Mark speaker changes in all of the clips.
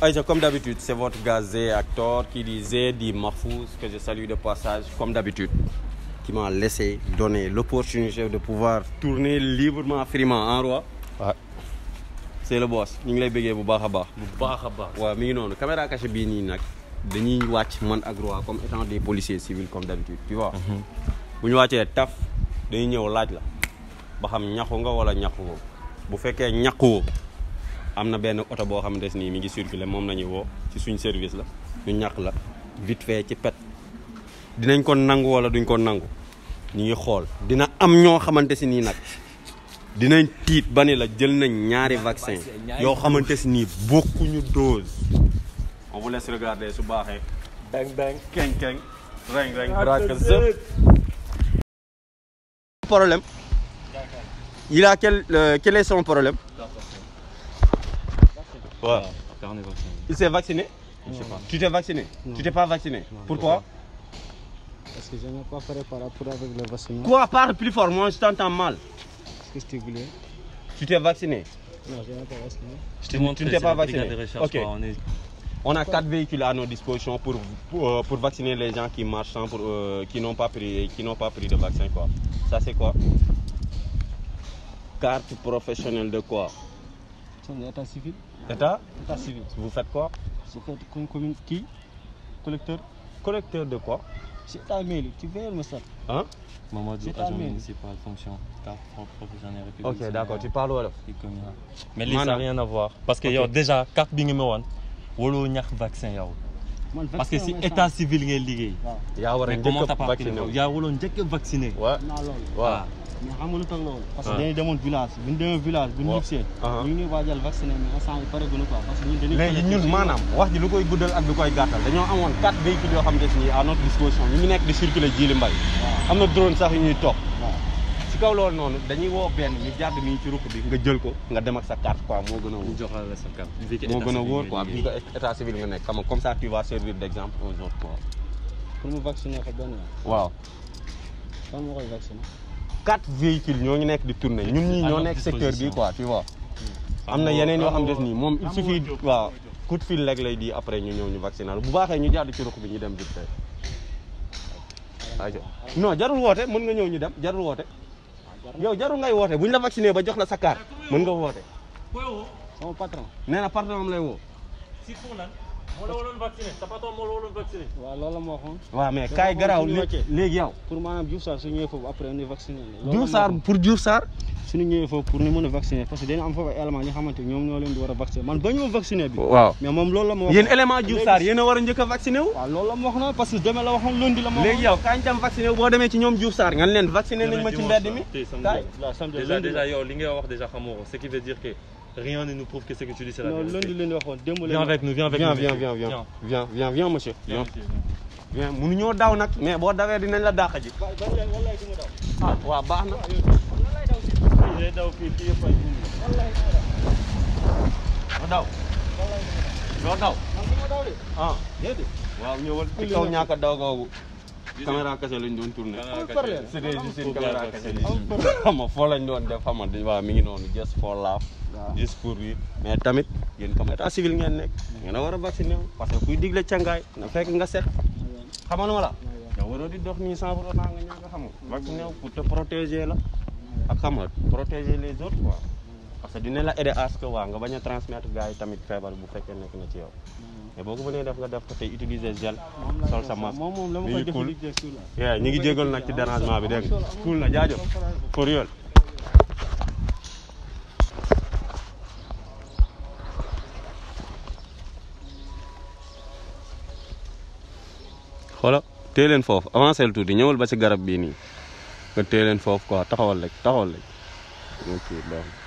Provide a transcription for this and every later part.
Speaker 1: Aïcha, comme d'habitude, c'est votre gazé acteur qui disait, dit Mahfouz, que je salue de passage, comme d'habitude, qui m'a laissé donner l'opportunité de pouvoir tourner librement, friment en roi. Ouais. C'est le boss. Nous sommes bégé bu baaxa baax. Bu baaxa baax. Ouais, mi ngi non, caméra cachée bi ni nak dañuy man ak roi comme étant des policiers civils comme d'habitude, tu vois. Mhm. Bu ñu wàccee taf dañuy ñëw laaj la ba xam ñaxu nga wala ñaxu bu fekkee ñaxu amna na benn auto boo xam des ni mi ngi circulé moom la ñuy woo ci suñ service la ñu ñàkk la vite fait ci pet dinañ ko nangu wala duñ ko nangu ñu ngi xool dina am ñoo xamante si nii nag dinañ tiit ba ni la jël nañ ñaari vaccin yoo xamante si nii bokkuñu dose on vous laisse regarder su baaxee bang, dang keng keng reng reng baraka problème il a quel euh, quel est son problème Euh, Il s'est vacciné Je sais pas. Tu t'es vacciné Tu t'es pas vacciné Pourquoi Parce que je n'ai pas fait par rapport avec le vaccin. Quoi Parle plus fort, moi je t'entends mal. Qu'est-ce que tu voulais Tu t'es vacciné Non, je n'ai pas vacciné. Je te montre, tu pas vacciné. on, a quatre véhicules à nos dispositions pour, pour, euh, vacciner les gens qui marchent pour, euh, qui n'ont pas pris pas pris de vaccin quoi. Ça c'est quoi Carte professionnelle de quoi État civil État civil. Vous faites quoi Je fais comme commune qui Collecteur Collecteur de quoi C'est ta tu veux me ça
Speaker 2: Hein Maman dit agent municipal, fonction, carte professionnelle république. Ok, d'accord, tu parles alors. Mais ça n'a rien à voir. Parce que y a déjà, carte bingi me y a un vaccin
Speaker 1: Parce que si état
Speaker 2: civil est lié, il y a un vaccin. Il y a un vaccin. Ouais.
Speaker 1: mais xam nga lu tax loolu. parce que ah. dañuy demoon village bu ñu demee village. bu ñu ñibbisee. Ah. ñu ngi waajal vacciné mais instant yi pareguñu quoi parce que ñun dañuy. mais ñun maanaam wax ji lu koy guddal ak lu koy gàttal dañoo amoon quatre véhicules yoo xam ne si à notre disposition ñu ngi nekk di circuler ji li mbay. am na drone sax yu ñuy topp. ci kaw loolu noonu dañuy woo benn ñu jàdd nii ci ruq bi nga jël ko nga dem ak sa carte quoi moo gën a wóor. joxal la sa carte bii moo gën a wóor quoi bii ko état civil nga nekk xam nga comme ça tu vas servir d'exemple aux autres quoi. pour mu vacciner ko benn waaw. fan moo koy vacciner quatre véhicules ñoo ngi nekk di tourner ñun ñii ñoo nekk secteur bi quoi
Speaker 2: am na yeneen yoo xam des nii moom il suffit
Speaker 1: waaw coup de fil lay di après ñu ñëw ñu vaccinal bu baaxee ñu jàdd ci ruq bi ñu dem vite fait. non jarul woote mën nga ñëw ñu dem jarul woote yow jarul ngay woote bu ñu la vacciné ba jox na sa carte mën nga woote. sama patron nee na patron am lay woo.
Speaker 2: moo la waroon vacciné Tapha moo la
Speaker 1: waroon vacciné. waaw loolu la ma waxoon. waaw mais kaay garaaw léegi yow. pour maanaam Diouf Sarr su ñëwee foofu après ñu vacciné la. Diouf Sarr pour Diouf Sarr. suñu ñëwee foofu pour ñu mën a vacciner parce que dañu am foofu ay éléments yi nga xamante ñoom ñoo leen di war a vacciner man ba ñu vacciner bi waaw mais moom loolu la ma wax yéen élément Diouf Sarr yéen a war a njëkk a vacciner wu waaw loolu la ma wax na parce que demee la waxoon lundi la ma léegi yow kañ tam vacciner wu boo demee ci ñoom Diouf Sarr nga leen vacciner nañ ma ci mbedd mi déjà
Speaker 2: yow li ngay wax déjà xamoo ko ce qui veut dire que Rien
Speaker 1: ne nous prouve que ce que tu dis, c'est la Viens avec nous, viens avec viens, nous. Viens, viens, viens, viens, viens, viens, monsieur. Viens, Viens, daw mais dinañ la ji. caméra kese lañ doon tourné. c'était juste une caméra kese xam nga foo lañ doon def xam nga waaw mi ngi noonu just for laugh. juste pour rire mais tamit yéen comme état civil ngeen nekk. ngeen a war a vacciné wu parce que kuy digle cangaay na fekk nga set. xamal ma la. yow waroo di dox nii sans pour autant nga ñàkk a xam nga. vacciné wu pour te protéger la. ak xam nga protéger les autres quoi. parce que la eh, aider à ce que wa nga baña transmettre gars yi tamit fièvre bu fekké nek na ci yow mais boko ko mënee def nga def ko tay utiliser gel sol sa masque mom mom lamu ko def mi ngi la yeah, ñi ngi jégal nak ci dérangement bi dégg cool la jaajo pour yool xolo téye leen foofu avancé le di ñëwul ba ci garab bi ni nga téye fof quoi taxawal rek taxawal rek okay baax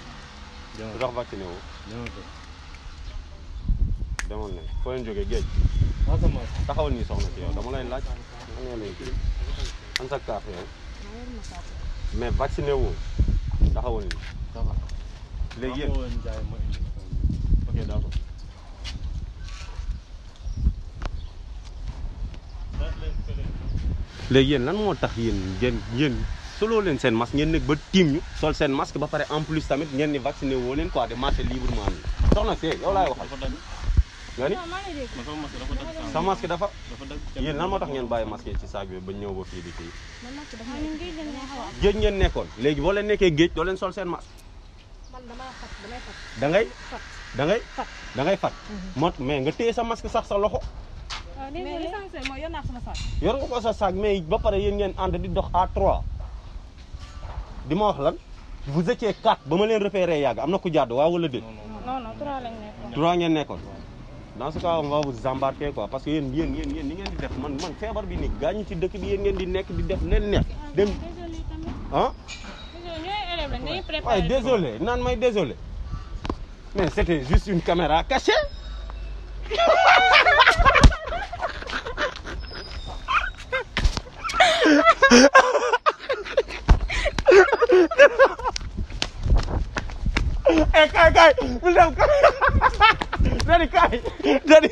Speaker 1: lu tax vacciné woo. demoon nañ foo leen jógee géej. taxawal ni soxna si yow dama lay laaj. dama lay kii an sa carte yow. mais vacciné woo taxawal nii. léegi yéen ok d'accord. léegi yéen lan moo tax yéen yéen Solo len sen masque ngeen nek ba tim ñu sol sen masque ba paré en plus tamit ngeen ni vacciné wo len quoi de marché librement soxna see yow lay waxal nga ni sa masque dafa yeen lan motax tax ngeen bàyyi masque ci saag bi ba ñew ba fi di kii geej ngeen nekkoon léegi bo len nekké geej do len sol seen masque da ngay da ngay da ngay fat mhm. mot mais nga téye sa masque sax sa loxo yor ko sa saag mais ba pare yéen ngeen ànd di dox a 3 vous étiez quatre ba ma leen repéré non non trois lañ dans ce cas on va vous embarquer parce que yéen yéen yéen ni ngeen di man
Speaker 3: man bi désolé
Speaker 1: désolé. mais c'était juste une caméra cachée. Eh, Kai, Kai. Belum, Kai. Dari, Kai. Dari.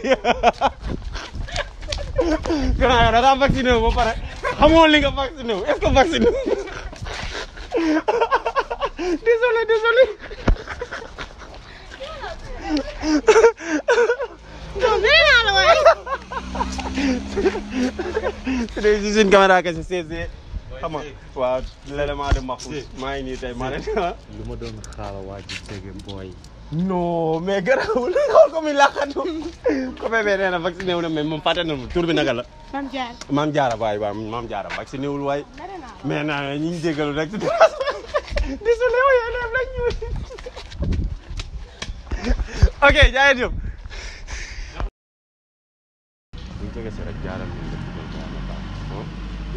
Speaker 1: Kenapa? Dah tak vaksin dulu, bapak. Kamu only kat vaksin dulu. Esko vaksin dulu. Désolé, désolé. Today's using camera kasi sesi. xam nga waaw l'élément de Mahfouz maa ngi nii tey maa leen lu ma doon xaaral waa ji dégg booy non mais garaawul xool ko mi laqatu ko bébé nee na vacciné wu moom fàtte na mu maam Diarra maam Diarra waay waay maam Diarra ñu jégalu rek désolé wa élève la ñu ok jaay jëf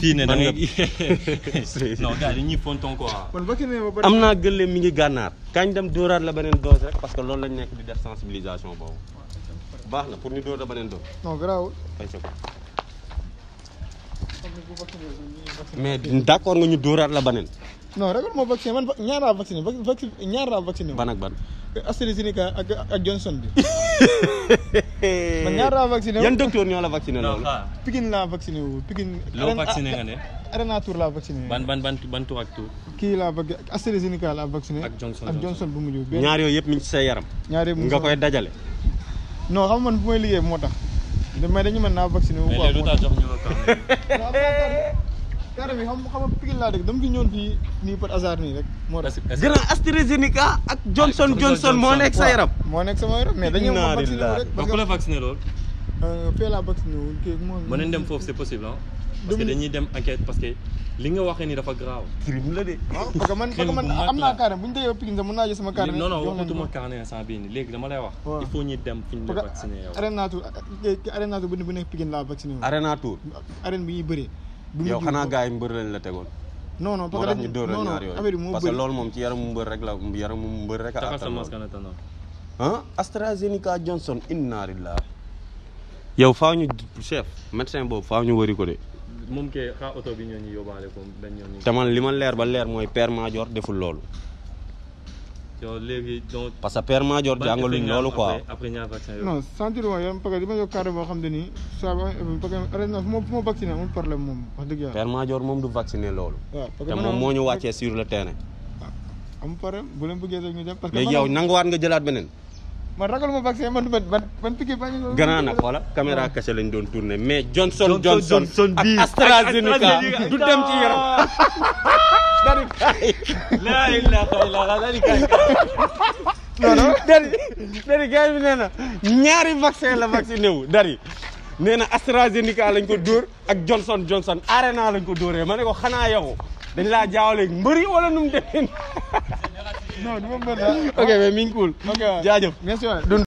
Speaker 2: fii ne da ngay non gars
Speaker 1: yi am naa gëléem mi ngi gànnaar. kañ dem dóoraat la beneen dose rek parce que loolu lañ nekk di def sensibilisation boobu. baax na pour ñu dóor la beneen dose. non garaawul. mais d'accord nga ñu dóoraat la beneen.
Speaker 3: non ragal moo vacciné man ñaar laa vacciné ñaar laa vacciné. ban ak ban. AstraZeneca ak ak Johnson bi.
Speaker 1: ñaata vacciné wu yan docteur ñoo la vacciné loolu.
Speaker 3: Pikine laa vacciné wu ban ban ban ban kii laa bëgg ak AstraZeneca laa vacciné. ak Johnson ak Johnson bu mujj. ñaar
Speaker 1: yooyu yëpp mi ngi ci yaram. ñaar yëpp nga koy dajale.
Speaker 3: non xam man bu may liggéey moo tax. mais dañu man naa vacciné wu. waaw moo tax garab yi xam xam Pikine laa dëkk dama fi ñëwoon fii nii par hasard nii rek. moo tax grand AstraZeneca ak ah,
Speaker 2: Johnson Johnson moo nekk sa yaram.
Speaker 3: moo nekk sama yaram mais dañu ma vacciné rek. parce que ku la vacciné lool. Euh, fee laa vacciné wul kii moom. mën nañ dem
Speaker 2: foofu c'est possible ah. parce que dañuy dem enquête parce que li nga waxee ni dafa grave. crime la de. waaw parce que man parce que man am naa
Speaker 3: carnet bu ñu déggee Pikine sax mën naa jël sama carnet. non non waxatuma
Speaker 2: carnet instant bii nii léegi dama lay wax. il faut ñu dem fi ñu la vacciné yow. Aréna
Speaker 3: Tour Aréna Tour bu nekk Pikine laa vacciné wu. Aréna Tour. arène bi ñuy bëree
Speaker 1: bu yow xanaa gars yi mbër lañ la tegoon. non non parce que dañu non non affaire bi parce que loolu moom ci yaramu mbër rek la yaramu mbër rek. a ah AstraZeneca Johnson inna lillah. yow faaw ñu chef médecin boobu faa ñu wari ko de.
Speaker 2: moom kay oto bi ñoo ñu yóbbaale ko dañ ñu. te
Speaker 1: li ma leer ba leer mooy Père Madior deful loolu. parce que permanent jor jangolin lolu quoi
Speaker 2: après ñaar vaccin non
Speaker 3: sentir wa yam parce dima yo carré bo xamné ni ça va parce arena mo mo vacciner mo problème mom wax deug ya
Speaker 1: permanent jor mom du vacciner lolu té mom moñu waccé sur le terrain
Speaker 3: am problème bu len bëggé rek ñu dem parce que mais yow nanguwaat nga jëlaat benen man ragaluma vaccin man man man piqué bañ nak wala
Speaker 1: caméra caché lañ doon tourner mais Johnson Johnson, Johnson, Johnson AstraZeneca du dem ci yaram
Speaker 2: dari kai la ilaha illallah dari kai
Speaker 1: nono dari dari kai bi nee ñaari vaccin la dari nena AstraZeneca lañ ko dóor ak Johnson Johnson Arena lañ ko doré mané ko xana yow dañ la jaawale mbeuri wala num mu
Speaker 3: non du ma mbër mais
Speaker 1: mi ngi merci